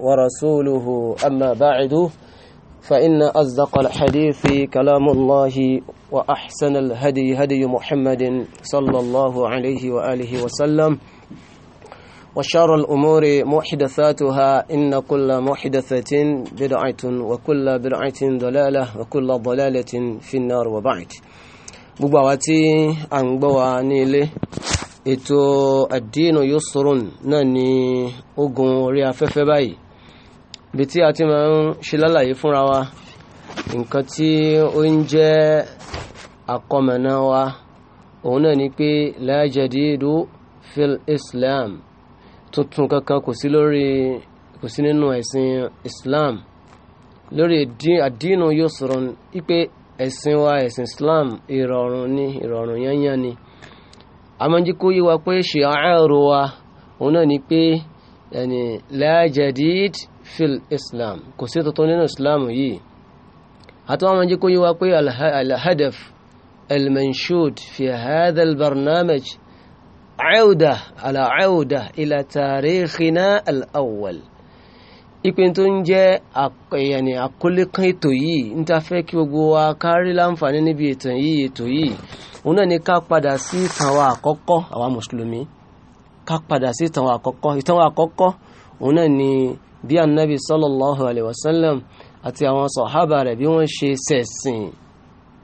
ورسوله أما بعد فإن أصدق الحديث كلام الله وأحسن الهدي هدي محمد صلى الله عليه وآله وسلم وشر الأمور محدثاتها إن كل محدثة بدعة وكل بدعة ضلالة وكل ضلالة في النار وبعد ببواتي أنبواني لي إتو الدين يسر ناني ni ogun bí tí a ti máa ń ṣe lálàyé fúnra wa nǹkan tí ó ń jẹ́ àkọmọ̀nà wa òun náà ni pé la jadidu fil islam tuntun kankan kò sí lórí kò sí nínú ẹ̀sìn islam lórí àdínú yusrun ipe ẹ̀sìn wa ẹ̀sìn islam ìrọ̀rùn ni ìrọ̀rùn yányán ni amájíkó wa pé ṣe àárò wa òun náà ni pé la jadid fil islam kò sí tuntun nínú islam yìí àtúwọ́n máa jẹ́ kó yí wa pé alhadaf almanshud fi hadha albarnamaj cawda ala cawda ila taarikhina alawal ìpín tó ń jẹ́ àkọyẹ̀ni àkọlé kan ètò yìí ń ta fẹ́ kí gbogbo wa kárí láǹfààní níbi ètò yìí ètò yìí òun náà ni ká padà sí ìtàn wa àkọ́kọ́ àwa mùsùlùmí ká padà sí ìtàn wa àkọ́kọ́ ìtàn wa àkọ́kọ́ òun náà ni bí anabi sallallahu alayhi wa sallam àti àwọn sọ̀hábà rẹ̀ bí wọ́n ṣe ṣẹ̀sìn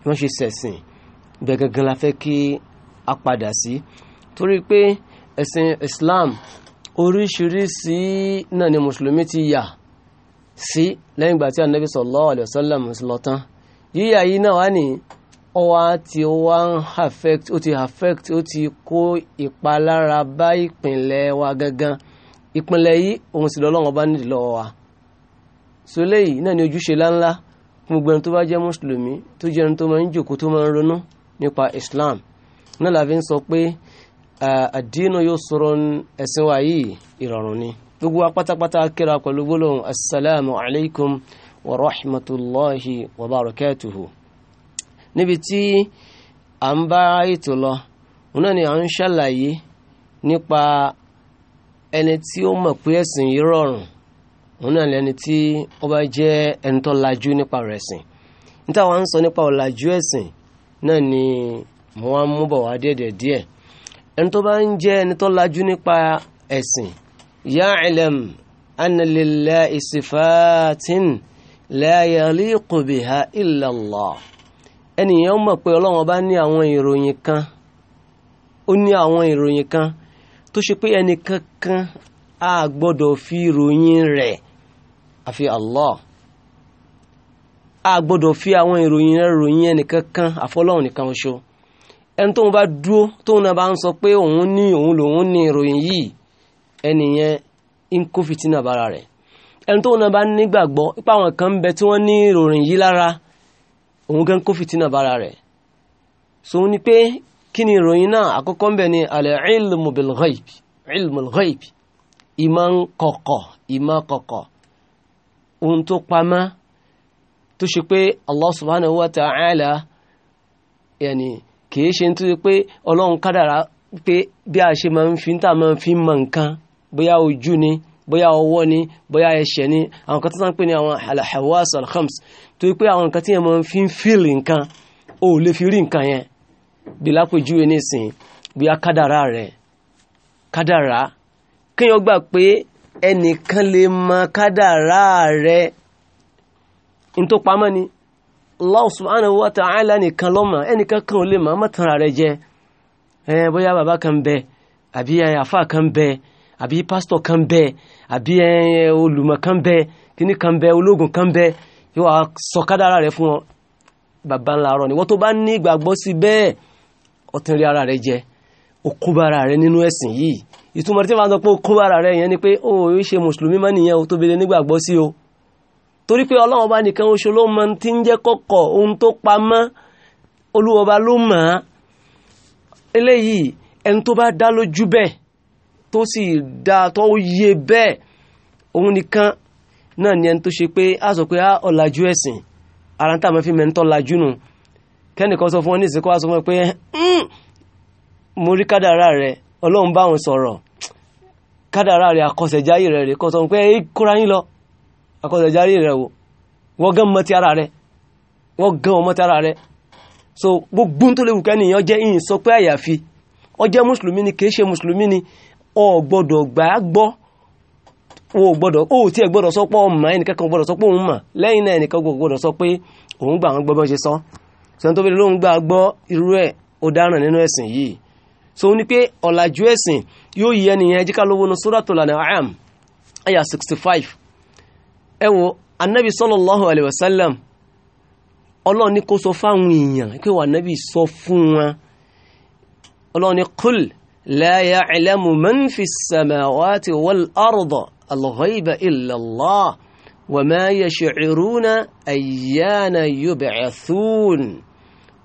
bí wọ́n ṣe ṣẹ̀sìn bẹ́ẹ̀ gangan fẹ́ kí a padà sí torí pé ẹ̀sìn Islam oríṣiríṣi náà ni mùsùlùmí ti yà sí lẹ́yìn ìgbà tí anabi sallallahu alayhi wa sallam lọ tán yíyà yìí náà wá ní ọwá tí ó wá ń affect ó ti affect ó ti kó ìpalára bá ìpínlẹ̀ wa gangan ìpínlẹ̀ yìí òun sì lọ́lọ́run ọba nídìí lọ́wọ́ wa so léyìí náà ni ojúṣe láńlá fún gbogbo ẹni tó bá jẹ́ mùsùlùmí tó jẹ́ ẹni tó máa ń jòkó tó máa ń ronú nípa Islam náà la fi ń sọ pé àdínú yóò sọ̀rọ̀ ẹ̀sìn wa yìí ìrọ̀rùn ni gbogbo wa pátápátá kíra pẹ̀lú gbólóhùn asalaamu alaykum wa rahmatulahi wa barakatuhu níbi tí à ń bá ètò lọ òun náà ni à ń ṣàlàyé nípa ẹni tí ó mọ̀ pé ẹ̀sìn yìí rọrùn òun náà lẹni tí ó bá jẹ́ ẹni tó lajú nípa rẹ̀ sìn níta wàá ń sọ nípa ọ̀làjú ẹ̀sìn náà ni mo wá ń mú bọ̀ wá díẹ̀ díẹ̀ ẹni tó bá ń jẹ́ ẹni tó lajú nípa ẹ̀sìn ya'lam anna lillahi sifatin la yaliqu biha ẹnìyàn mọ̀ pé Ọlọ́run bá ní àwọn ìròyìn kan ó ní àwọn ìròyìn kan tó ṣe pé ẹnì kankan a gbọ́dọ̀ fi ròyìn rẹ̀ àfi Allah a gbọ́dọ̀ fi àwọn ìròyìn rẹ̀ ròyìn ẹnì kankan àfọlọ́hùn nìkan ṣo ẹni tóun bá dúró tóun náà bá ń sọ pé òun ní òun lòun ní ìròyìn yìí ẹni yẹn ń kó fìtínà bára rẹ̀ ẹni tóun náà bá nígbàgbọ́ ipa àwọn kan ń bẹ tí wọ́n ní ìròyìn yìí lára òun gan kó fìtínà bára rẹ̀ sòun ni pé kí ni ìròyìn náà àkọ́kọ́ ń bẹ̀ ni al-ilmu bil-ghaib ilmu al-ghaib ìmọ̀ kọ̀kọ̀ ìmọ̀ kọ̀kọ̀ ohun tó pamọ́ tó ṣe pé Allah subhanahu wa ta'ala yẹni kìí ṣe tó ṣe pé ọlọ́run kádàrá pé bí a ṣe máa ń fi tá a máa ń fi mọ̀ nǹkan bóyá ojú ni bóyá ọwọ́ ni bóyá ẹsẹ̀ ni àwọn kan tó sàn pé ni àwọn al-hawas tó ṣe pé àwọn nǹkan tí yẹn máa fi ń fíìlì nǹkan ó lè fi rí nǹkan yẹn bí lápèjúwe nísìn bí a kadara rẹ̀ kádàrá kéèyàn gbà pé ẹnìkan lè mọ kádàrá rẹ̀ ní tó pamọ́ ni Allah subhanahu wa nìkan lọ́mọ ẹnìkan kan ò lè mọ mọ́tàrà rẹ jẹ ẹ bóyá bàbá kan bẹ àbí àfà kan bẹ àbí pásítọ̀ kan bẹ àbí olùmọ̀ kan bẹ kíní kan bẹ ológun kan bẹ yóò sọ kádàrá rẹ̀ fún ọ bàbá ńlá rọ ni wọ́n tó bá ní ìgbàgbọ́ sí bẹ́ẹ̀ ọtí rí ara rẹ jẹ òkúbára rẹ nínú ẹ̀sìn yìí ìtumọ̀ tí wọ́n sọ pé òkúbára rẹ yẹn ni pé ó yóò ṣe mùsùlùmí mọ́ nìyẹn o tóbi lè nígbàgbọ́ sí o torí pé ọlọ́wọ́n bá nìkan oṣù ló mọ tí ń jẹ́ kọ́kọ́ ohun tó pamọ́ olúwọba ló mọ̀ á eléyìí ẹni tó bá dá lójú bẹ́ẹ̀ tó sì dá tó yé bẹ́ẹ̀ òun nìkan náà ni ẹni tó ṣe pé á sọ pé á ọ̀làjú ẹ̀sìn ara ń tà mọ́ fi mẹ́ńtọ́ làjú nù kẹ́nìkan sọ fún wọn ní ìsìnkú wa sọ fún wọn pé hmm, mo rí kádàrá rẹ ọlọ́run bá wọn sọ̀rọ̀ kádàrá rẹ àkọsẹ̀jáyé rẹ rẹ kọ́ sọ pé kóra yín lọ àkọsẹ̀jáyé rẹ wò wọ́n gán mọ́ ti ara rẹ wọ́n gán ọmọ ti ara rẹ so gbogbo tó léwu kẹ́nìyàn jẹ́ ìyìn sọ pé àyàfi ó mùsùlùmí ni kì ṣe mùsùlùmí ni ọ gbà á gbọ́ sẹ́ni tó bẹ̀rẹ̀ ló ń gbà gbọ́ irú ẹ̀ ọ̀daràn nínú ẹ̀sìn yìí so ní pé ọ̀làjú ẹ̀sìn yóò yí ẹnìyẹn jíkà lówó ní Suratul An'am àyà 65 ẹ wo anabi sallallahu alayhi wa sallam ọlọ́ọ̀ni kò sọ fáwọn èèyàn pé wà nábì sọ fún wọn ọlọ́ọ̀ni qul la ya'lamu man fi s-samawati wal-ardi al-ghayba illa wàmá yash'uruna ayyana yub'athun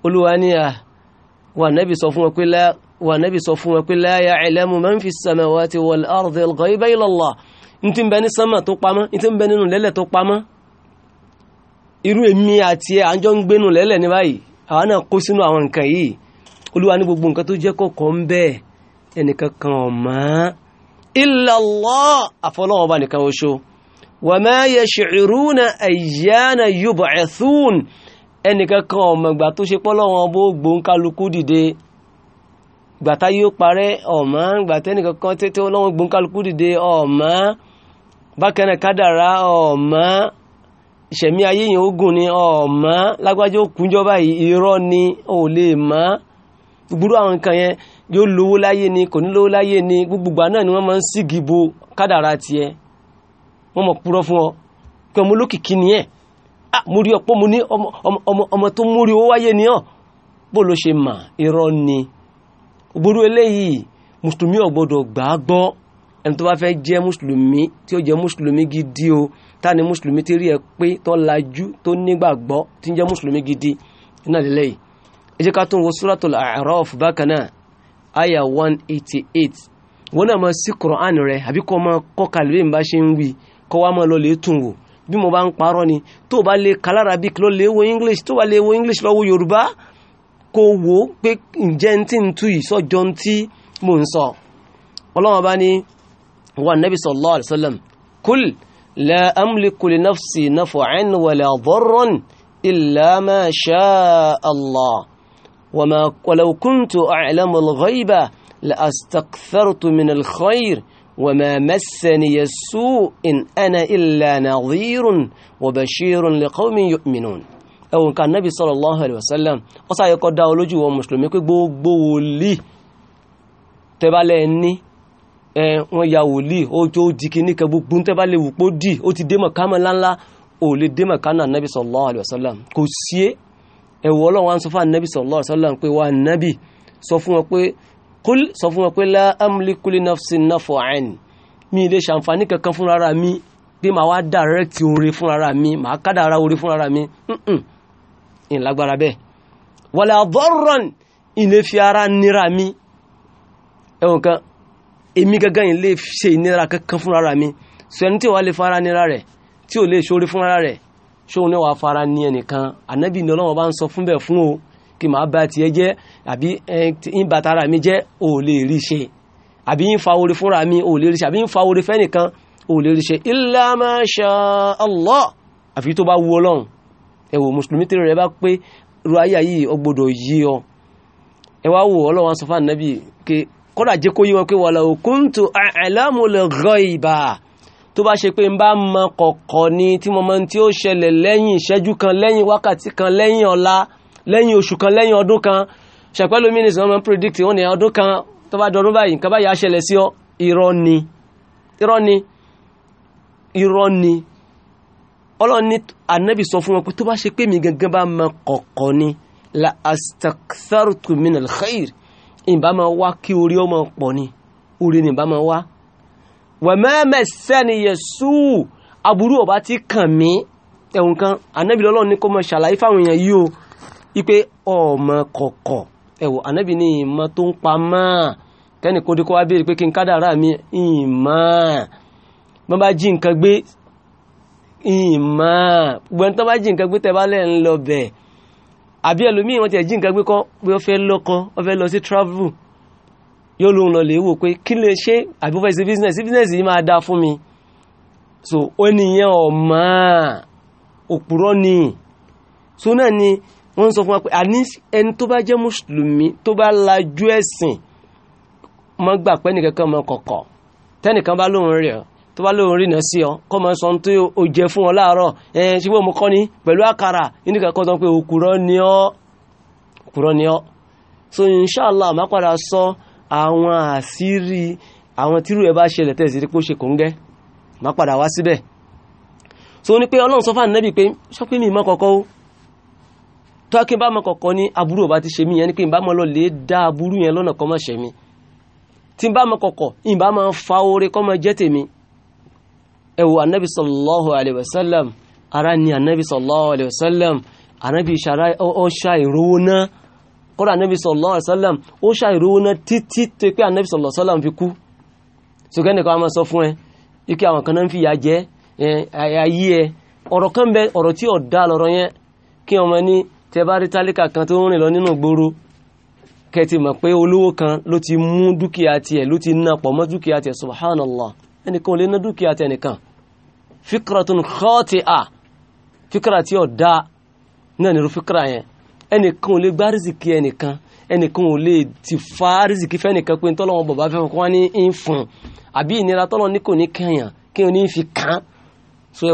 olúwa ní à wà nábì sọ fún wọn pé la ya'lamu man fi as-samawati wal ardi al-ghayba illa Allah ní tí ń bẹ ní sánmà tó pamọ́ ní tí ń bẹ nínú lẹ́lẹ̀ tó pamọ́ irú èmi àti à ń jọ ń gbénu lẹ́lẹ̀ ní báyìí àwọn náà kó sínú àwọn nǹkan yìí olúwa ní gbogbo nǹkan tó jẹ́ kọ̀kọ́ ń bẹ ẹnìkan kan ò mọ̀ illa Allah àfọlọ́wọ́n ọba nìkan oṣoo wàmá yash'uruna ayyana yub'athun ẹnìkankan ọ̀mọ̀gbà tó ṣe pọ́ lọ́wọ́n bó gbóǹkálukú dìde gbàtá yóò parẹ́ ọ̀mọ́ gbàtẹ́nìkankan tẹ́tẹ́ lọ́wọ́n gbóǹkálukú dìde ọ̀mọ́ bákẹ́nà kádàrá ọ̀mọ́ ìṣẹ̀mí ayé yẹn ogun ni ọ̀mọ́ lágbájá òkúnjọ́ báyìí irọ́ ni ò lè mọ́ gbúrú àwọn nǹkan yẹn yóò lówó láyé ni kò ní lówó láyé ni gbogbo àná ni wọ́n máa ń sígi bo kádàrá tiẹ̀ wọ́n mọ̀ púrọ́ fún ọ kí ọmọ olókìkí ni ẹ̀ ah mo rí ọpọ́ mo ní ọmọ tó múrí owó wáyé ni ọ́ bó ló ṣe mà irọ́ ni gbogbo eléyìí mùsùlùmí ò gbọ́dọ̀ ẹni tó bá fẹ́ jẹ́ mùsùlùmí tí ó jẹ́ mùsùlùmí gidi o tá ni mùsùlùmí ti rí ẹ pé tó lajú tó nígbàgbọ́ tí ń jẹ́ mùsùlùmí gidi iná lílẹ̀ yìí ẹ jẹ́ ká tún wo Suratul A'raf bákan náà aya one eighty eight wọn náà máa sí Qur'an rẹ àbí kó máa kọ́ wa máa lọ lè tún wò bí mo bá ń parọ́ ni tó o bá lè ka l'Arabic lọ lè wo English tó o bá lè wo English lọ wo Yorùbá kó o wò ó pé ǹjẹ́ ń tí ń tu yìí sọ́jọ́ ń tí mò ń sọ ọlọ́wọ́n bá ní wa nabi sallallahu alayhi wa sallam kul la amliku li nafsi naf'an wala darran illa ma sha Allah wa kuntu a'lamu al la astakthartu min al وما مسني السوء إن أنا إلا نظير وبشير لقوم يؤمنون ẹwọ nǹkan Ànábì sallallahu alaihi wasallam ó sáyẹ kọ́ dá olójú wọn mùsùlùmí pé gbogbo wòlíì tẹ́bálẹ̀ ní ẹ wọ́n ya wòlíì ó tó di kíní kan gbogbo tẹ́bálẹ̀ wù pó dì ó ti démọ̀ kámọ́ láńlá ò lè démọ̀ kánà Ànábì sallallahu alaihi wasallam kò sí ẹwọ́ ọlọ́wọ́n Kul sọ fún wọn pé la amliku li nafsi naf'an mi lè ṣàǹfààní kankan fúnra ra mi pé màá wá dàrẹ́kì oore fúnra ra mi màá kádàrá oore fúnra ra mi ìlágbára bẹ́ẹ̀ wala darran ilé fi ara nira mi ẹ̀wọ̀n kan èmi gangan yìí lè ṣe ìnira kankan fúnra ra mi sọ ẹni tí ò wá lè fara nira rẹ̀ tí ò lè ṣoore fúnra rẹ̀ ṣóun ní wàá fara ní ẹnìkan ànábì ní ọlọ́wọ́ bá ń sọ fún bẹ́ẹ̀ fún o kí màá bá tiẹ̀ jẹ́ àbí ń bá tara mi jẹ́ ò lè rí ṣe àbí ń fa oore fúnra mi ò rí ṣe àbí ń fa oore fẹ́nìkan ò rí ṣe illa ma sha Allah àfi tó bá wu ọlọ́run ẹ wò mùsùlùmí tẹ́lẹ̀ rẹ bá pé ru ayé yìí ọgbọ́dọ̀ yí ọ ẹ wá wò ọlọ́wọ́n sọ fún ànábì ké kọ́dà jẹ́ kó yí wọn pé walau kuntu a'lamul ghaiba tó bá ṣe pé n bá mọ kọ̀kọ̀ ni tí mo mọ tí ó ṣẹlẹ̀ lẹ́yìn ìṣẹ́jú kan lẹ́yìn wákàtí kan lẹ́yìn ọ̀la lẹ́yìn oṣù kan lẹ́yìn ọdún kan ṣàpẹ́lú mínísítì wọn máa ń predict wọn ní ọdún kan tó bá dọdún báyìí nǹkan báyìí á ṣẹlẹ̀ sí ọ irọ́ ni irọ́ ni irọ́ ni ọlọ́run ní ànábì sọ fún wọn pé tó bá ṣe pé mi gangan bá máa kọ̀kọ̀ ni la astakthartu min alkhair ìbá máa wá kí orí ọmọ pọ̀ ni orí ni ìbá máa wá wà mẹ́mẹ́ sẹ́ni yẹ̀sù aburú ọba ti kàn mí ẹ̀wùn kan ànábì lọ́lọ́run ní kó máa ṣàlàyé fáwọn èèyàn yìí o ipe ọmọ kọ̀kọ̀ ẹ̀wọ̀ ànábì ni ìmọ̀ tó ń pa máa kẹ́ni kó díkọ́ wá béèrè pé kí n kádàrá mi ìmọ̀ bọ́n bá jí nǹkan gbé ìmọ̀ gbọ́n tó bá jí nǹkan gbé tẹ́ bá lẹ́ ń lọ bẹ̀ àbí ẹlòmíì wọ́n jí nǹkan gbé kọ́ pé ó fẹ́ lọ́kọ ó fẹ́ lọ sí travel yóò lóun lọ lè wò pé kí lè ṣe àbí ó fẹ́ ṣe business business yìí máa dáa fún mi so ó nìyẹn ọ̀mọ́ òpùrọ́ ni so náà ni wọ́n sọ fún wa pé àní ẹni tó bá jẹ́ mùsùlùmí tó bá lajú ẹ̀sìn mọ́ gbà pé nìkankan mọ́ kọ̀kọ̀ tẹ́nìkan bá lóun rí ọ tó bá lóun rí náà sí ọ kọ́ máa sọ tó o jẹ fún ọ láàárọ̀ ẹ̀ ṣé wọ́n mú kọ́ ni pẹ̀lú àkàrà nìkan sọ pé òkúrọ́ ni ọ́ òkúrọ́ ni ọ́ so inshallah máa padà sọ àwọn àṣírí àwọn tírú ẹ bá ṣẹlẹ̀ tẹ̀sí rí pé ó ṣe kòńgẹ́ máa padà wá síbẹ̀ so ní pé ọlọ́run sọ fún ànábì pé sọ pé mi o tó a kí n bá mọ kọ̀ọ̀kan ní aburú ọba ti ṣe mí yẹn ni pé n bá mọ lọ lè dá aburú yẹn lọ́nà kọ́ mọ̀ ṣe mí tí n bá mọ kọ̀ọ̀kan n bá mọ fa oore kọ́ mọ jẹ́ tèmi ẹ anabi sallallahu alayhi wa sallam ara ni anabi sallallahu alayhi wa sallam anabi ṣara ọ ṣa ìrówó náà kọ́ra anabi sallallahu alayhi wa sallam ó ṣa ìrówó náà títí tó pé anabi sallallahu sallam fi kú sọkẹ́ nìkan máa sọ fún ẹ ike àwọn kan náà ń fi ìyà jẹ ayé tí ẹ bá rí tálíkà kan tó ń rìn lọ nínú gbòòrò kẹtì mọ̀ pé olówó kan ló ti mú dúkìá tiẹ̀ ló ti ná pọ̀ mọ́ dúkìá tiẹ̀ subhanallah ẹnìkan ò lè ná dúkìá tiẹ̀ nìkan fikratun khati'a fikra tí ò dáa náà nírú fikra yẹn ẹnìkan ò lè gbá rìsìkì ẹnìkan ẹnìkan ò lè ti fa rìsìkì fẹ́nìkan pé tọ́lọ́wọ́n bàbá fẹ́ kọ́ ní ń fún àbí ìnira tọ́lọ́ ní kò ní kẹyàn kí ni fi kàn án so ẹ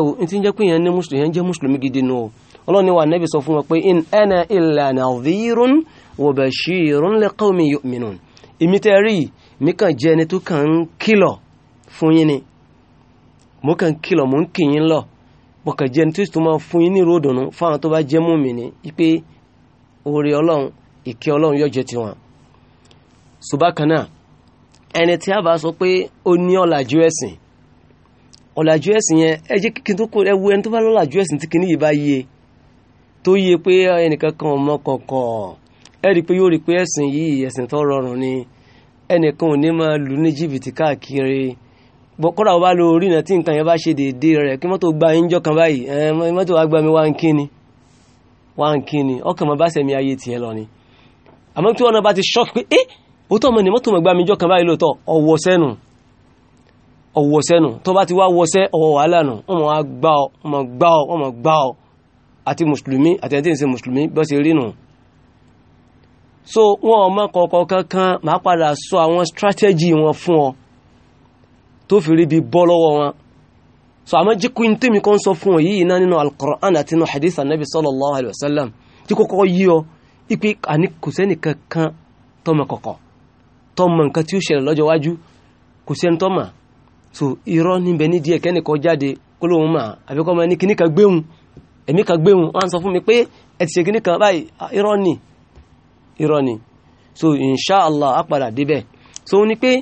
wo ọlọ́ni wa nẹ́bí sọ fún wọn pé in ana illa nadhirun wa bashirun li qaumi yu'minun èmi tẹ́ rí mi kàn jẹ́ ẹni tó kàn ń kìlọ̀ fún yín ni mo kàn ń kìlọ̀ mo ń kì yín lọ mo kàn jẹ́ ẹni tó sì tó máa fún yín ọlọ́run ìkẹ́ ọlọ́run yóò jẹ́ tiwọn. ṣùgbọ́n kan ẹni tí a bá sọ pé ó ní ọ̀làjú ẹ̀sìn ọ̀làjú ẹ̀sìn yẹn ẹ jẹ́ tó kó ẹ ẹni tó bá lọ́làjú ẹ̀sìn tí kìíní yìí bá yé e. tó yẹ pé ẹnìkan kan ọmọ kọ̀ọ̀kọ̀ ẹ rí i pé yóò rí rọrùn ni ẹnìkan ò ní máa lù ní jìbìtì káàkiri kọ́dà wọ́n bá lo orí náà tí nǹkan yẹn bá ṣe rẹ̀ gba ẹ̀ńjọ́ kan báyìí ẹ̀ wa gba mi wá ń kí ni wá ń kí ni ọkàn mọ́ bá ayé tiẹ̀ lọ ni àmọ́ tí ti ṣọ́ọ̀kì pé ẹ́ òótọ́ ni mọ́tò mọ́ gba mi kan báyìí lóòótọ́ sẹ́nu sẹ́nu tó bá ti wá ọ ọmọ gbá àti mùsùlùmí àti ẹni tí ń ṣe mùsùlùmí bó ṣe rí nù so wọn ọmọ kọ̀ọ̀kan kankan máa padà sọ àwọn strategy wọn fún ọ tó fi rí bí bọ́ lọ́wọ́ wọn so àmọ́ jíkú ní tèmi kan sọ fún ọ yìí iná nínú al-Qur'an àti nínú hadith anabi sallallahu alayhi wa sallam tí kọ́kọ́ yí ọ ipe àní kò sẹ́ni kankan tọmọ kọ̀kọ̀ tọmọ nǹkan tí ó ṣẹlẹ̀ lọ́jọ́ wájú kò sẹ́ni tọmọ so irọ́ níbẹ̀ nídìí ẹ̀kẹ́nìkan jáde kó lóun mà àbíkọ́ máa ní kíníkà gbéhùn èmi kan gbéhùn wọ́n sọ fún mi pé ẹ ti ṣe kí ní kan báyìí ah, irọ́ ni so inshallah á padà débẹ̀ so ní pé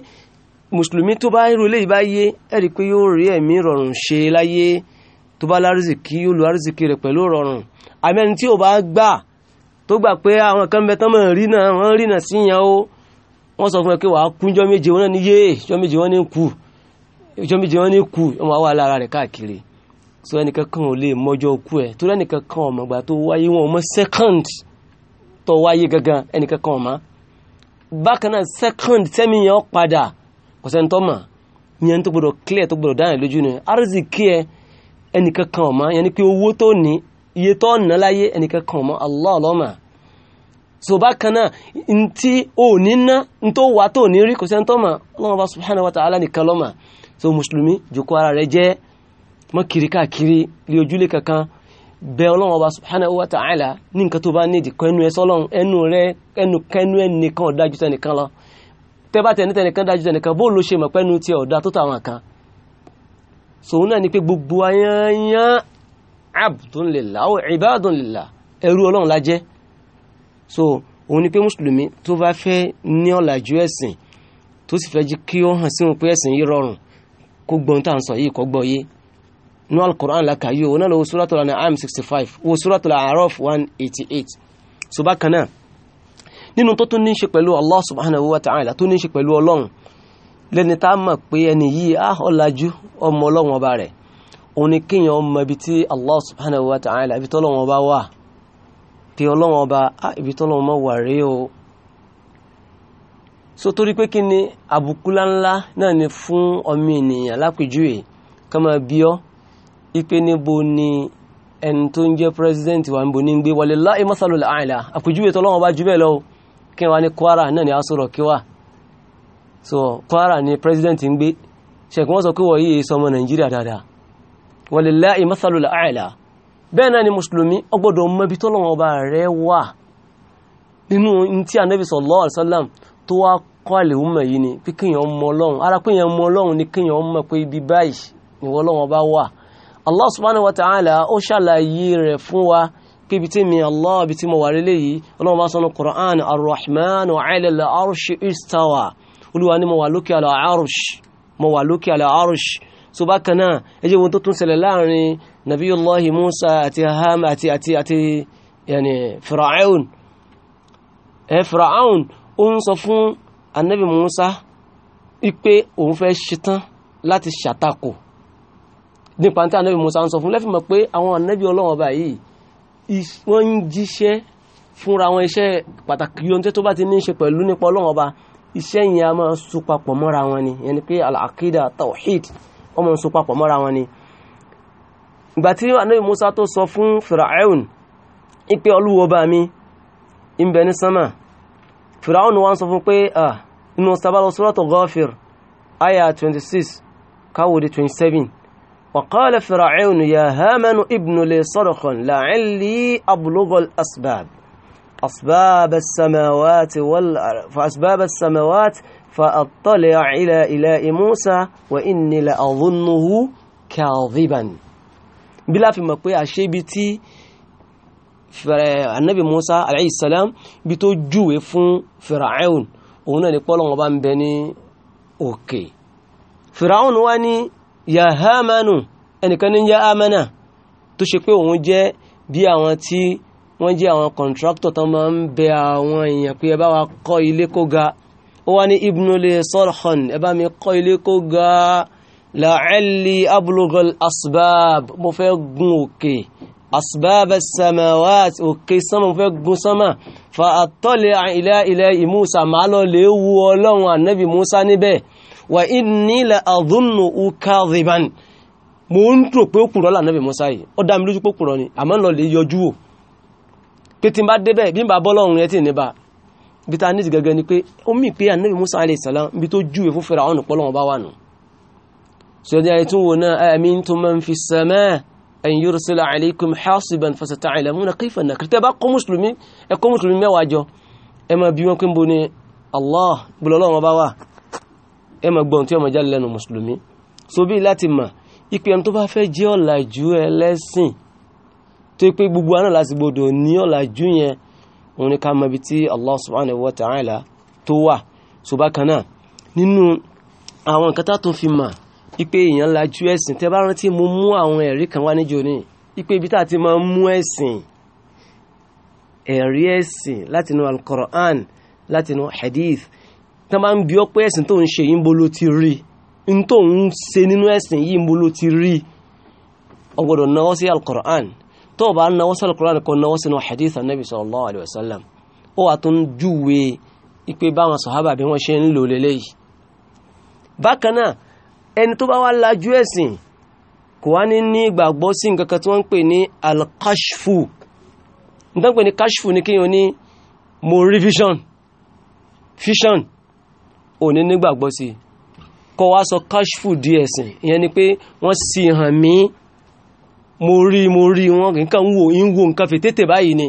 mùsùlùmí tó bá irú eléyìí bá yé ẹ rí i pé yóò rí ẹ̀mí rọrùn ṣe láyé tó bá lárìsìkí yóò lu àrìsìkí rẹ̀ pẹ̀lú rọrùn àmẹ́ni tí ò bá gbà tó gbà pé àwọn kan bẹ tán rí náà wọ́n rí náà sí yẹn wọ́n sọ fún ẹ pé wàá kú jọ́ méje wọn ní yé jọ́ méje wọn ní kú jọ́ méje wọn ní kú wọ́n wà lára rẹ̀ káàkiri so ẹnìkan kan ò lè mọjọ́ òkú ẹ̀ torí ẹnìkan ọmọ ìgbà tó wáyé wọn ọmọ second tó wáyé gangan ẹnìkan kan ọmọ bákan second sẹ́mi yẹn padà kò sẹ́ni tó mọ̀ yẹn tó gbọdọ̀ clear tó gbọdọ̀ dáhùn lójú ni arzikí ẹ ẹnìkan kan ọmọ yẹn ni pé owó tó ní iye tó ná láyé ẹnìkan ọmọ Allah ló so bákan náà ntí ò ní ná ntó wà tó ní rí kò sẹ́ni subhanahu wa ta'ala nìkan ló mọ̀ so mùsùlùmí jòkó ara rẹ jẹ́ mọ́ kiri káàkiri lé ojúlé kankan bẹ ọlọ́run ọba subhanahu wa ta'ala ní nǹkan tó bá nídi kan ẹnu ẹsọ ọlọ́run ẹnu rẹ ẹnu kẹnu ẹnìkan ọ̀dájú tẹnìkan lọ tẹ́bá tẹ̀ ní tẹnìkan dájú tẹnìkan bó ló ṣe mọ̀ pẹ́nu ti ọ̀dá tó tàwọn kan sòun náà ni pé gbogbo ayanyan abdun lillah aw ibadun lillah ẹrú ọlọ́run la jẹ́ so òun ni pé mùsùlùmí tó bá fẹ́ ní ọ̀làjú ẹ̀sìn tó sì fẹ́ jí kí ó hàn sí wọn pé ẹ̀sìn yìí rọrùn kó gbọ́n tá à ń sọ yìí kó gbọ́ yé ní alukur'an laka yìí òun náà lọ wo suratul an'am sixty five wo suratul a'raf one eighty eight so bákan náà nínú tó tún ní í ṣe pẹ̀lú allah subhanahu wa ta'ala tó ní í ṣe pẹ̀lú ọlọ́run lẹ́ni tá a mọ̀ pé ẹni yìí á ọ̀làjú ọmọ ọlọ́run ọba rẹ̀ òun ni kéèyàn allah subhanahu wa ta'ala ibi tọ́lọ́run ọba wà pé ọlọ́run ọba á ibi tọ́lọ́run ọba wà rèé o so torí pé kí ni àbùkù ńláńlá ni fún ọmọ ènìyàn lápèjúwe kọ́mọ bíọ́ ipe níbo ni ẹni tó ń jẹ́ president wa níbo ní ń gbé wọlé láì masalul a'la àpèjúwe tọ́lọ́wọ́n bá jù lọ kí wọ́n ní Kwara náà ni a sọ̀rọ̀ kí so Kwara ni president ń gbé ṣẹ̀kún wọ́n sọ pé wọ́n yìí sọmọ Nàìjíríà dáadáa wọlé láì masalul a'la bẹ́ẹ̀ náà ni mùsùlùmí ọgbọ́dọ̀ mọ́bí tọ́lọ́wọ́n ọba rẹ̀ wà nínú tí Ànábì sallallahu alaihi wasallam tó wá kọ́ àlè ọmọ yìí ni pé kíyàn ọmọ ọlọ́run ara ni kíyàn ọmọ pé wà Allah subhanahu wa ta'ala ó ṣàlàyé rẹ̀ fún wa kí ibi tí mi Allah ibi tí mo wà rẹ̀lẹ̀ yìí ọlọ́run bá sọ́nà Qur'an ar-Rahman ala al-arshi istawa olúwa ni mo wà lókè ala arsh mo wà lókè ala arsh so bákan náà ẹjẹ́ wọn tó tún ṣẹlẹ̀ láàrin Nabiyullahi Musa àti ham àti àti àti yani Fir'aun ẹ Fir'aun ó ń sọ fún anabi Musa ipe òun fẹ́ ṣetán láti ṣàtakò nípa tí anábì Musa ń sọ fún lẹ́fì mọ̀ pé àwọn anábì ọlọ́wọ́n bá yìí wọ́n ń jíṣẹ́ fúnra wọn iṣẹ́ pàtàkì yóò tó bá ti ní í ṣe pẹ̀lú nípa ọlọ́wọ́n bá iṣẹ́ yẹn a máa so papọ̀ mọ́ra wọn ni yẹn ni pé al-aqida tawhid wọ́n máa so papọ̀ mọ́ra wọn ni. ìgbà tí anábì Musa tó sọ fún Fir'aun ipe olúwo bá mi ń bẹ ní sánmà Fir'aun wa ń sọ fún pé inú sábà lọ Suratu Ghafir ayah twenty six káwọ́ de twenty seven وقال فرعون يا هامان ابن لي صرخا لعلي أبلغ الأسباب أسباب السماوات والأرض فأسباب السماوات فأطلع إلى إله موسى وإني لأظنه كاذبا بلا في مقوي أشيبتي النبي موسى عليه السلام بتوجوه فون فرعون هنا نقول الله بني أوكي فرعون واني ya hamanu ẹnìkan ní ya amana tó ṣe pé òun jẹ́ bí àwọn tí wọ́n jẹ́ àwọn kọ̀ǹtráktọ̀ tó máa ń bẹ àwọn èèyàn pé ẹ bá wa kọ́ ilé kó ga ó wá ní ibnule sarhan ẹ bá mi kọ́ ilé kó ga la'alli ablughal asbab mo fẹ́ gun òkè asbab samawat òkè sánmà mo fẹ́ gun sánmà fa attali'a ila ilahi Musa màá lọ lè wu ọlọ́run ànábì Musa níbẹ̀ wa inni la adhunnu u kadhiban mo ń tò pé ó kùrọ̀ là nàbì Musa yìí ó dá mi lójú pé ó kùrọ̀ ni àmọ́ lọ lè yọjú wò pé tí n bá débẹ̀ bí n bá bọ́lọ́run yẹn tì ní bá bí ta ní gẹ́gẹ́ ni pé ó mì pé ànábì Musa alayhi salam bí tó júwe fún fèrè àwọn ọ̀nà bá wà nù. sọ́jà yẹn tún wò náà amintum man fi samaa an yursila alaykum hasiban fasata'lamuna kayfa nakir tẹ́ bá kọ́ mùsùlùmí ẹ máa gbọ́n tí ọmọ jáde lẹ́nu mùsùlùmí sobi láti mà ipe ẹni tó bá fẹ́ jẹ́ ọ̀làjú ẹlẹ́sìn tó pé gbogbo àná láti gbọdọ̀ ní ọ̀làjú yẹn òun ni ká mọ ibi tí Allah subhanahu wa ta'ala tó wà ṣùgbọ́n kan náà nínú àwọn nǹkan tá tó fi mà ipe èèyàn làjú ẹ̀sìn tẹ́ bá rántí mo mú àwọn ẹ̀rí kan wá níjó ní ipe ibi tá a ti máa mú ẹ̀sìn ẹ̀rí ẹ̀sìn látinú al-Qur'an látinú hadith tán bá ń bi ọ́ pé ẹ̀sìn tó ń ṣe yìí ń bo ló ti rí n tó ń ṣe nínú ẹ̀sìn yìí ń ló ti rí o gbọ́dọ̀ náwó sí alukoran tó o bá náwó sí alukoran kó náwó sínú hadith anabi sallallahu alayhi wa sallam ó wà tó júwe ipe báwọn sọ̀hábà bí wọ́n ṣe ń lò lélẹ́yìí bákan náà ẹni tó bá wá lajú ẹ̀sìn kò wá ní ní ìgbàgbọ́ sí nǹkan tí wọ́n ń pè ní alkashfu nítorí pé ní kashfu ni kéèyàn ní mo revision vision òní nígbàgbọ́ sí kọ́ wá sọ kashfu di ẹ̀sìn ìyẹn ni pé wọ́n sì hàn mí mo rí mo rí wọn nǹkan ń wo ń wo nǹkan fi tètè báyìí ni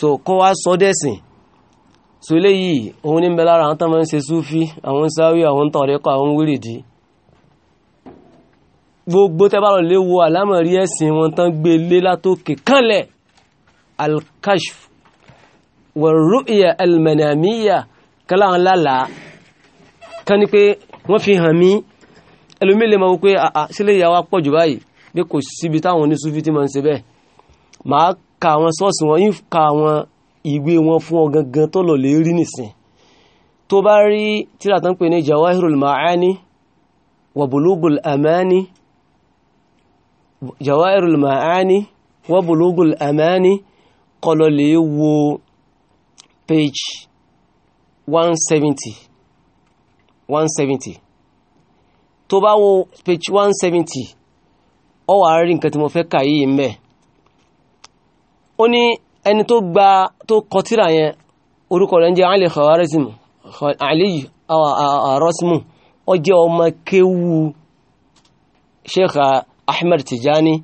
so kọ́ wá sọ dẹ́sìn so eléyìí òun ní ń bẹ lára àwọn tó máa ń ṣe súfí àwọn sáwí àwọn tọ̀rẹ́kọ̀ àwọn wíìrìdì gbogbo tẹ́ bá lọ lé wo àlámọ̀rí ẹ̀sìn wọn tán gbé lé látòkè kánlẹ̀ al-kashf wa ru'ya kala láwọn lálàá kan ní pé wọ́n fi hàn mí ẹlòmíì lè máa wọ pé sílé ìyàwó apọ̀jù báyìí pé kò síbi táwọn oníṣúfì ti máa ń ṣe bẹ́ẹ̀ màá ka àwọn sọ́ọ̀sì wọn yìí ka àwọn ìwé wọn fún ọ gangan tó lọ rí nìsín tó bá rí tíra tó pè ní jawahirul ma'ani wabulugul amani jawahirul ma'ani wabulugul amani kọlọ lè wo page one seventy one seventy tó bá wo page one seventy ọ wà á rí nǹkan tí mo fẹ́ kà yìí mbẹ́ ó ní ẹni tó gba tó kọ tírà yẹn orúkọ rẹ̀ ń jẹ́ Ali Khawarizm Ali Arosmu ó jẹ́ ọmọ kéwu Sheikh Ahmed Tijani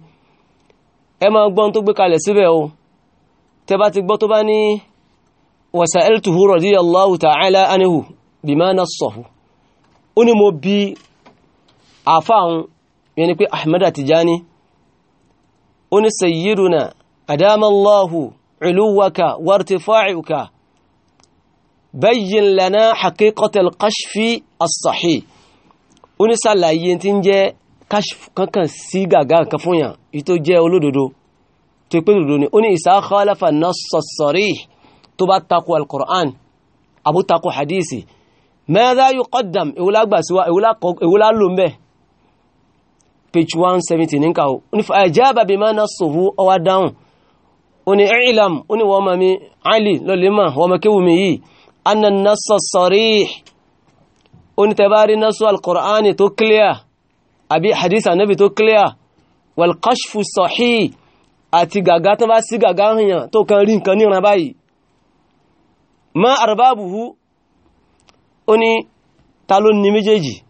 ẹ máa gbọ́n tó gbé kalẹ̀ síbẹ̀ o tẹ bá ti gbọ́ tó bá ní. وسألته رضي الله تعالى عنه بما نصه أني مبي عفاهم يعني كي أحمد تجاني أني سيدنا أدام الله علوك وارتفاعك بين لنا حقيقة القشف الصحيح أني سألعي تنجي كشف كان سيغا كفويا يتو جي ولو دودو تقول دودو أني إسا خالف النص الصريح tó bá tako al-Qur'an abu tako hadisi madha yuqaddam ìwúlá ìwúlá lò page 170 níka o ní fa ajaba bima nassuhu ọwá dáhùn o ní i'lam o ní wọ́n ma mi ali lọ́lẹ́mà wọ́n ma kéwù mi yìí anna nassa sarih o ní tẹbárí nasu al-Qur'an tó clear àbí hadisi anabi tó clear wal kashfu àti gàgá tó bá sí gàgá hìyàn tó kan rí nǹkan níran báyìí ma arbábuhu ó ní ta ló ní méjèèjì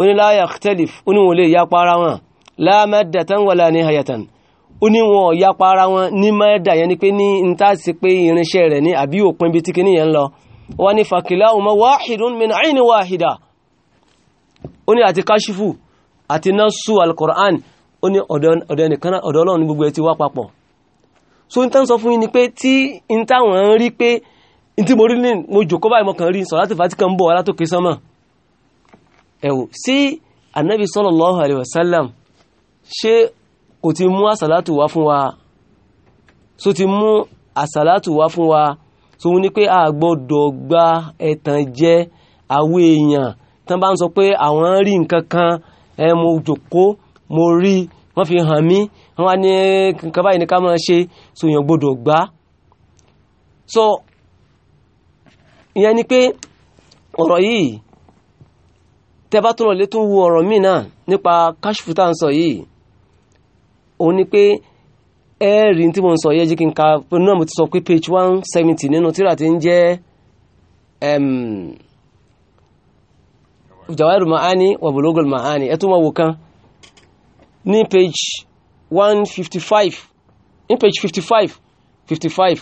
ó ní la yakhtalif ó ní wọ́n lè yapa ara wọn la maddatan wala nihayatan ó ní wọ́n yapa ara wọn ní mẹ́dà yẹn ni pé ní n ta sí pé irinṣẹ́ rẹ̀ ní àbí òpin bí tíkì níyẹn lọ wọ́n ní wahidun min ayni wahida ó ní àti káṣífù nasu al-Qur'an ó ní ọ̀dọ̀ nìkan gbogbo ẹ ti wá papọ̀ so n tán sọ fún yín ni pé tí n táwọn ń rí pé ntí mo rí ní mo jòkó báyìí mo kàn rí sọ̀rọ̀ láti Vatican bọ̀ alátòkè sánmà ẹ̀wò sí anabi sallallahu alaihi wasallam ṣé kò ti mú àsàlátù wá fún wa so ti mú àsàlátù wá fún wa so wọn ni pé a gbọ́dọ̀ gba ẹ̀tàn jẹ́ àwọn èèyàn tán bá ń sọ pé àwọn rí nǹkan kan ẹ mo jòkó mo rí wọ́n fi hàn mí wọ́n wá ní kankan báyìí ní ká máa ṣe so èèyàn gbọ́dọ̀ gbà so ìyẹn ni pé ọ̀rọ̀ yìí tẹ́bá tó lọ́lé tó ń wu ọ̀rọ̀ míì náà nípa káṣífù tá à ń sọ yìí òun ni pé ẹ̀ẹ́rì tí mo ń sọ yẹ jí kí n ka pẹ̀lú náà mo ti sọ pé page one seventy nínú tíra ti ń jẹ́ jawairu ma'ani wa ma'ani ẹ̀ tó máa wò kan ní page one fifty five in page fifty five fifty five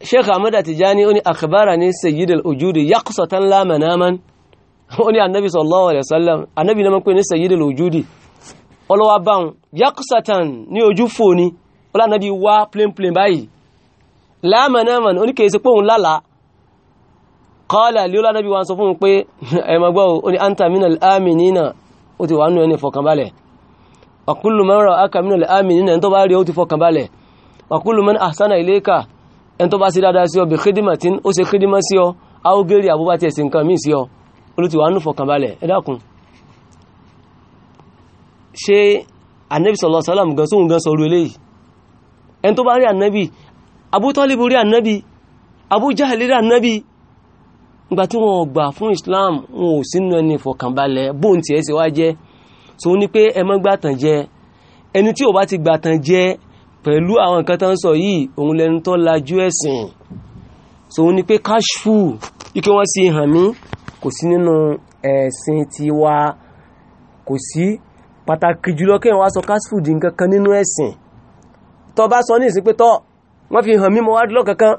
sheikh ahmed tijani ó ní akabara ní sayyidul ojúdi yaqsatan la manaman ó ní anabi sallallahu alayhi wa sallam anabi náà pé ní sayyidul ojúdi ọlọ́wà báwọn yaqsatan ní ojú fò ní ọlọ́ anabi wá plain plain báyìí la manaman ó ní kèé sí pòun lálàá qala lé ọlọ́ anabi wa sọ fún un pé ẹ̀mọ́gbọ́ ó ní anta minal aminina ó ti wà nù ẹni fọkànbalẹ̀ wa kullu man ra'aka minal aminina ẹni tó bá rí ó ti fọkànbalẹ̀ wa kullu man ahsana ilayka ẹni tó bá sí dáadáa sí ọ bí xidima tí ó ṣe xidima sí ọ awogeri àbúbá tiẹ̀ sí nǹkan míì sí ọ olùtiwà ń fọkànbalẹ̀ ẹ dákun ṣé anabi sallallahu alaihi wasallam gan sóhun gan sọ̀rọ̀ eléyìí ẹni tó bá rí anabi Abu Talib rí anabi Abu Jahal rí anabi ìgbà tí wọn gbà fún Islam wọn ò sínú ẹni fọkànbalẹ̀ bóun tiẹ̀ ṣe wá jẹ́ sọ ní pé ẹ pẹ̀lú àwọn nǹkan tó ń sọ yìí òun lẹnu tó lajú ẹ̀sìn sòun ni pé káṣfù ike wọ́n sì hàn mí kò sí nínú ẹ̀sìn tiwa kò sí pàtàkì jùlọ kí wọ́n sọ káṣfù di nǹkan kan nínú ẹ̀sìn tó bá sọ ní ìsìn pé tọ́ wọ́n fi hàn mí mọ́ wádìí lọ́kankan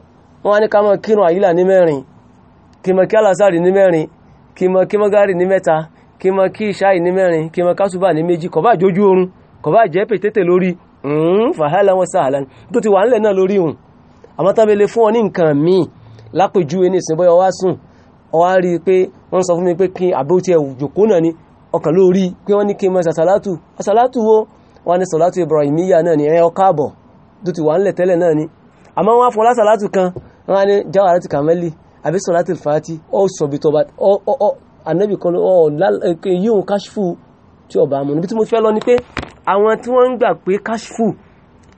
wọ́n wá ní ká mọ́ kírun àyílà ní mẹ́rin kí mọ́ kí alásàrì ní mẹ́rin kí mọ́ kí mọ́gárì ní mẹ́ta kí mọ́ kí ìṣáì ní mẹ́rin kí mọ́ kásùbà ní méjì kò jójú oorun kò jẹ́ pètètè lórí fàhálà wọn sàhálà tó ti wà nílẹ̀ náà lórí hùn àmọ́ tábí lè fún ọ ní nǹkan míì lápèjúwe ní ìsìn bóyá wá sùn ọwá rí i pé wọ́n sọ fún mi pé kí àbótí ẹ̀jòkó náà ni ọkàn lórí pé wọ́n ní kí mọ́ sàṣàlátù sàṣàlátù wo wọ́n ní sàṣàlátù Ibrahimiyya náà ni ẹ̀ ọkọ̀ àbọ̀ tó ti wà nílẹ̀ tẹ́lẹ̀ náà ni àmọ́ wọ́n á fún lásàlátù kan wọ́n á ní jáwàrátì kàmẹ́lì àwọn tí wọ́n ń gbà pé káṣfù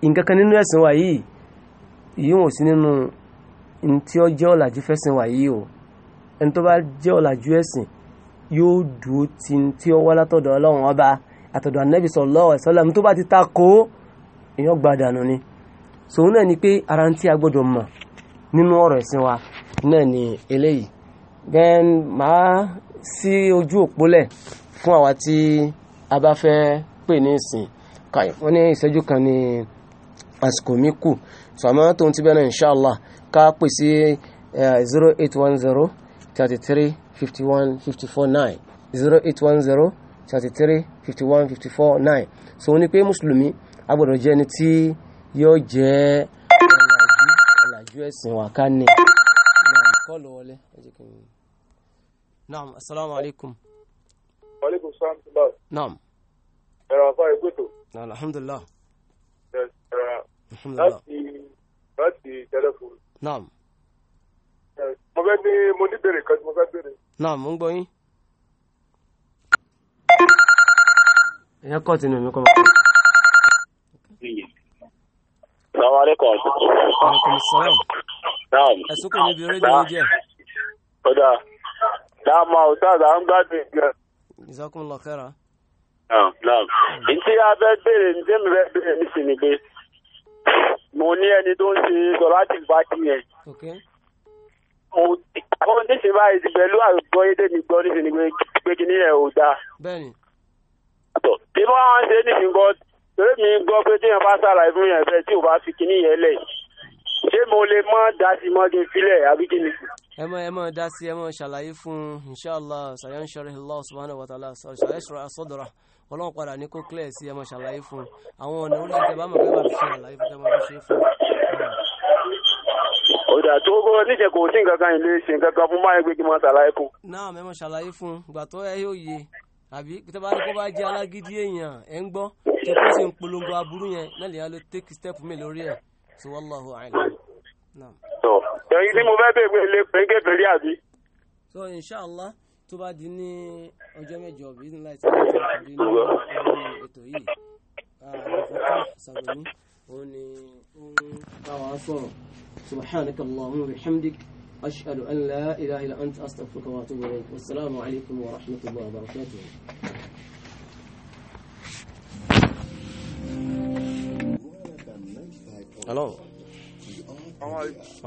nǹkan kan nínú ẹ̀sìn wa yìí yìí wọ́n sí nínú tí ó jẹ́ ọ̀làjú fẹ́sìn wa yìí o ẹni tó bá jẹ́ ọ̀làjú ẹ̀sìn yóò dúró ti tí ó wá látọ̀dọ̀ ọlọ́run ọba àtọ̀dọ̀ ànábì sallallahu alaihi tó bá ti ta kó èèyàn gba dànù ni sòun náà ni pé ara ń tí a gbọ́dọ̀ mọ̀ nínú ọ̀rọ̀ ẹ̀sìn wa náà ni eléyìí then màá sí ojú òpólẹ̀ fún àwa tí a bá fẹ́ pè ní ìsìn wọ́n ní ìṣẹ́jú kan ní àsìkò mi kù sọ̀mọ́ tó ń ti bẹ́ẹ̀ náà inṣàlá ká pè sí zero eight one zero thirty three fifty one fifty four nine zero eight one zero thirty three fifty one fifty four nine so ní pé mùsùlùmí a gbọ́dọ̀ jẹ́ ẹni tí yóò jẹ́ ọ̀làjú ẹ̀sìn wà ká ní kọ́ọ̀lù naam asalaamualeykum. waaleykum salaam. naam ẹ̀rọ afá ìgbètò. alhamdulilah. láti láti tẹlifóònù. naam. mo fẹ́ ní mo ní béèrè kan tí mo fẹ́ béèrè. naam mo ń gbọ́ yín. èèyàn kọ́ tinú mi kọ́. salaamaleykum. aleykum salaam. naam. ẹ̀sùn kò níbi rédíò ó jẹ́. ó dáa. dáa ń gbádùn ìgbà. jazakumullahu khairan ntí abẹ́ béèrè ntí mi e bẹ́ béèrè mi sì ni pé mo ní ẹni tó ń ṣe sọ̀rọ̀ àti ìbátí yẹn. mo àwọn oníṣe báyìí ti pẹ̀lú àgbọ̀ mi gbọ́ níṣẹ́ ni pé kí ni ẹ̀ ò dáa. bí wọ́n ṣe ní nǹkan torí mi gbọ́ pé tí yẹn bá ṣàlàyé fún yẹn fẹ́ tí ò bá fi kíní yẹn lẹ̀ ṣé mo lè mọ dasi mọ kí n filẹ̀ àbí kí ni. ẹ mọ ẹ mọ dasi ẹ mọ ṣàlàyé fún inshallah sayanṣọrẹ allah subhanahu wa ta'ala ṣàlàyé sọ̀rọ̀ àsọdọrọ ọlọ́run padà ní kó clear sí ẹ mọ̀ ṣàlàyé fún un àwọn ọ̀nà orí ìjọba bá mọ̀ pé bá fi ṣe àlàyé fún tẹ́mọ̀ fi ṣe fún un. ọ̀dà tó gbọ́ níṣẹ́ kò sí nǹkan kan ìlú ṣe nǹkan kan fún máa ń gbé kí wọ́n ṣàlàyé fún. náà mẹ́mọ̀ ṣàlàyé fún un gbà tó ẹ yóò yé àbí tẹ́ bá ní kó bá jẹ́ alágídí èèyàn ẹ̀ ń gbọ́ tí kò sí ń polongo aburú yẹn náà lè ló take step mi lórí ẹ̀ so wallahu a'lam. so ẹyin tí tó bá di ní ọjọ́ mẹ́jọ bíi ètò yìí sàgbọ́nì òun ni òun bá wàá sọ̀rọ̀ subhanaka allah wa bihamdik أشهد أن لا إله إلا أنت أستغفرك وأتوب إليك والسلام عليكم ورحمة الله وبركاته ألو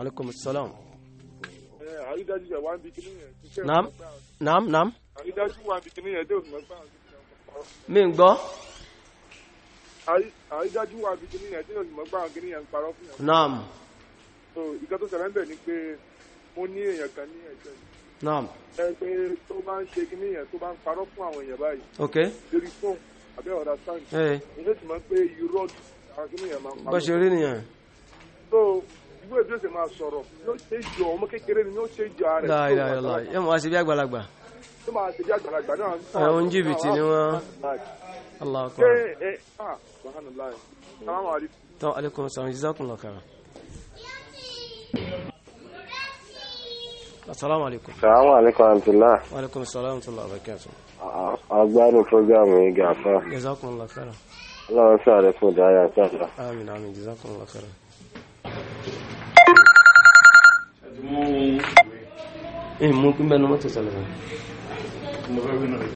عليكم السلام àrídájú yẹn wá ń bi kíní yẹn. naam naam naam. àrídájú wá ń bi kíní yẹn tó mọ̀ gbà wọn. mi ń gbọ́. àrídájú wá ń bi kíní yẹn tó mọ̀ gbà wọn kíní yẹn ń parọ́ fún yẹn. naam. so ìkan tó ṣẹlẹ̀ ń bẹ̀ ni pé mo ní èèyàn kan ní ẹ̀jẹ̀ yìí. naam. ẹ pé tó bá ń ṣe kíní yẹn tó bá ń parọ́ fún àwọn èèyàn báyìí. ok. lórí fóònù àbẹ́ ọ̀dà sáyẹn. ẹ ẹ. Eh. ìyẹn ti mọ̀ pé irọ́ bó ṣe rí nìyẹn. so ìwé ìdúró sì máa sọ̀rọ̀ yóò ṣe jọ ọmọ kékeré ni yóò ṣe jọ ààrẹ. láì láì láì yóò máa ṣe bí àgbàlagbà. yóò máa ṣe bí àgbàlagbà náà. àwọn jìbìtì ni wọn. Allahu akbar. ṣé ẹ ah subhanallah salamu alaykum. tán aleykum salaam jazakumullahu khairan. asalaamu aleykum. salaamu aleykum alhamdulilah. wa aleykum salaam alhamdulilah abakẹ́tù. agbádùn programu yìí gàfà. jazakumullahu khairan. ọlọ́run sáré fún ìdáyà sáà. àmín àmín jazakumullahu khairan. ìmú pínpẹ́ ní wọ́n ti